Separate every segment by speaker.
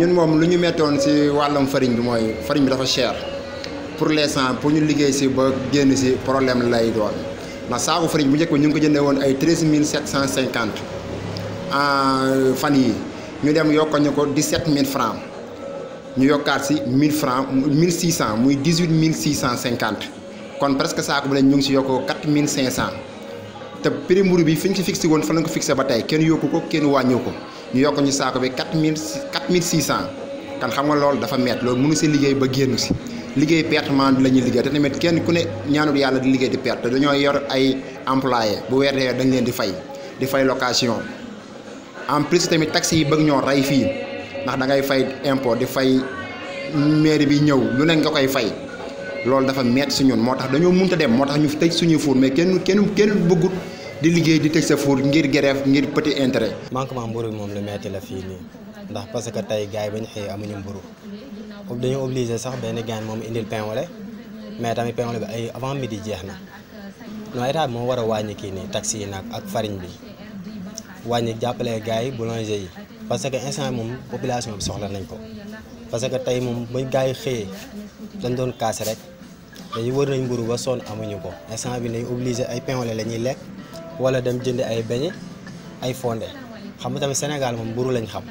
Speaker 1: ñun moom lu ñu mettoon si wàllam farine bi mooy farine bi dafa cher pour l'instant pour ñu liggéey si ba génn si problème lay doon ndax saaku farine bu njëkk ñu ngi ko jëndee woon ay treize mille sept cent cinquante fan yi ñu dem yokk ñu ko dix sept mille francs ñu yokkaat si mille francs mille six muy dix huit mille six cent cinquante kon presque saaku bu ne ñu ngi si yokk quatre mille cinq cent te prix bi fi ñu ko fixé woon fa lañ ko fixé ba tey kenn yokku ko kenn wàññiw ko. ñu yokk ñu saako bi 4600 mille kan xam nga loolu dafa metti loolu mënu ci liggéey ba génn si liggéey pertement la ñuy liggéey te met kenn ku ne ñaanul yàlla di liggéey di perte dañoo yor ay employé bu weer dee dañ leen di fay di fay location en plus tamit taxi yi bëgg ñoo ray fii ndax da ngay fay impôt di fay mairie bi ñëw lu ne nga koy fay loolu dafa metti si ñun moo tax dañoo mënta dem moo tax ñu tëj suñuy four mais kenn kenn kenn bëggut di liggéey di teg sa four ngir grève ngir petit intérêt.
Speaker 2: manquement mburu bi moom lu metti la fii nii ndax parce que tey gars yi bañ xëyee amuñu mburu dañu obligé sax benn gaan moom indil pain au lait mais tamit pain ay avant midi jeex na non état moo war a wàññi kii nii taxi yi nag ak farine bi wàññi jàppale gars yi boulanger yi parce que instant moom population bi soxla nañ ko parce que tey moom bañ gars yi xëyee dañ doon kaas rek dañu wër nañ mburu ba sonn amuñu ko instant bi nañ obligé ay pain au la ñuy lekk wala dem jënd ay beñe ay fonde xam nga tamit Sénégal moom mburu lañ xam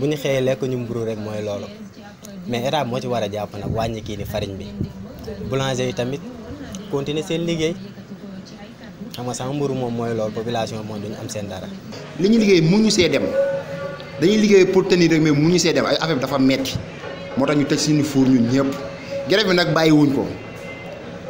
Speaker 2: bu ñu xëyee lekk ñu mburu rek mooy loolu mais état moo ci war a jàpp nag wàññi kii ni farine bi boulanger yi tamit continuer seen liggéey
Speaker 1: xam nga sama mburu moom mooy loolu population moom duñu am seen dara. li ñu liggéey mu ñu see dem dañuy liggéey pour tenir rek mais see dem ay affaire dafa metti moo tax ñu tëj suñu fuur ñun ñëpp grève bi nag bàyyi ko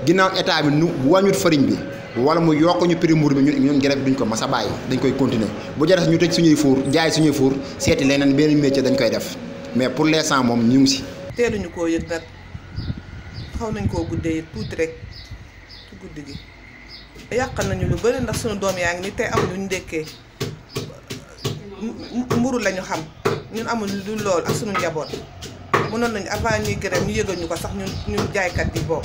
Speaker 1: ginnaaw état bi nu wàññut bi. wala mu yokk ñu prix mburu bi ñu ñun grève duñ ko mas a bàyyi dañ koy continuer bu jaras ñu tëj suñuy four jaay suñuy four seeti leneen benn métier dañ koy def mais pour l'instant moom ñu ngi si.
Speaker 3: teeluñu ko yëg nag xaw nañ koo guddee tuuti rek ci guddi gi yàqal nañu lu bëri ndax suñu doom yaa ngi ni tey am lu ñu ndékkee mburu lañu xam ñun amul lu lool ak suñu njaboot mënoon nañu avant ñuy grève ñu yëgal ñu ko sax ñu ñun jaaykat yi boobu.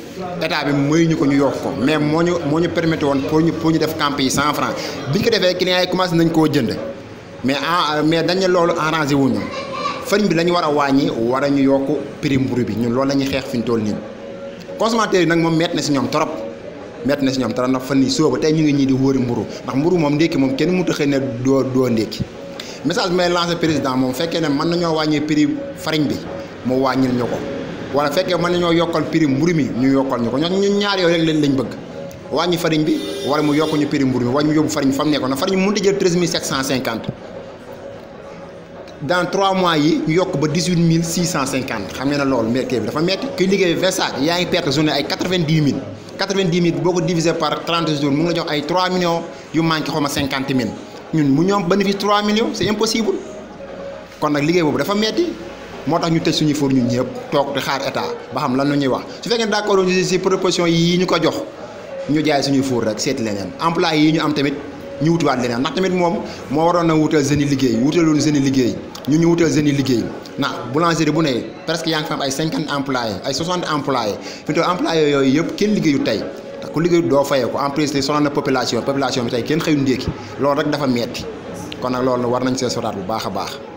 Speaker 1: état bi mooy ñu ko ñu yokk ko mais moo ñu moo ñu permettre woon pour ñu pour ñu def camp yi cent franc bi ñu ko defee clients yi commencé nañ koo jënd mais en mais dañ ne loolu arrangé wuñu farine bi lañu war a wàññi war a ñu yokk prix mburu bi ñun loolu la ñuy xeex fi ñu toll nii consommateurs yi nag moom metti na si ñoom trop metti na si ñoom trop na fan yii sóoba tey ñu ngi ñii di wóori mburu ndax mburu moom ndékki moom kenn mënut a xëy ne doo doo ndékki message bi may lancé président fekkee ne mën nañoo wàññi prix farine bi mu wàññil ñu ko wala fekke man nañoo yokal prix mburu ñu yokal ñu ko ñun ñaar yow rek leen lañ bëgg wàññi farine bi wala mu yokku ñu prix mburu mi yobu mu yóbbu farine fa mu na farine mu mënut a jël treize dans 3 mois yi ñu yokk ba 18650 xam nga lool loolu bi dafa metti kuy liggéey vingt sacs yaa ngi perte journée ay 90000 90000 boko diviser par 30 jours mu ngi jox ay 3 millions yu manki xoma 50000 ñun mu ñom bénéfice 3 millions c'est impossible kon nak liggéey bobu dafa metti moo tax ñu tëj suñu four ñun ñëpp toog di xaar état ba xam lan la ñuy wax su fekkee ne d'accord ñu si proposition yi ñu ko jox ñu jaay suñuy four rek seeti leneen emploi yi ñu am tamit ñu wutiwaat leneen ndax tamit moom moo waroon na wutal jeunes liggéey wutaloon jeunes liggéey ñu ñu wutal jeunes yi liggéey ndax boulangerie bu ne presque yaa ngi fa am ay cinquante employés ay soixante employés fi mu yooyu yëpp kenn liggéeyu tey ku liggéeyu doo fayee ko en plus sonal na population population bi tey kenn xëyu ndéeki loolu rek dafa metti kon nag loolu war nañ see sotaat bu baax a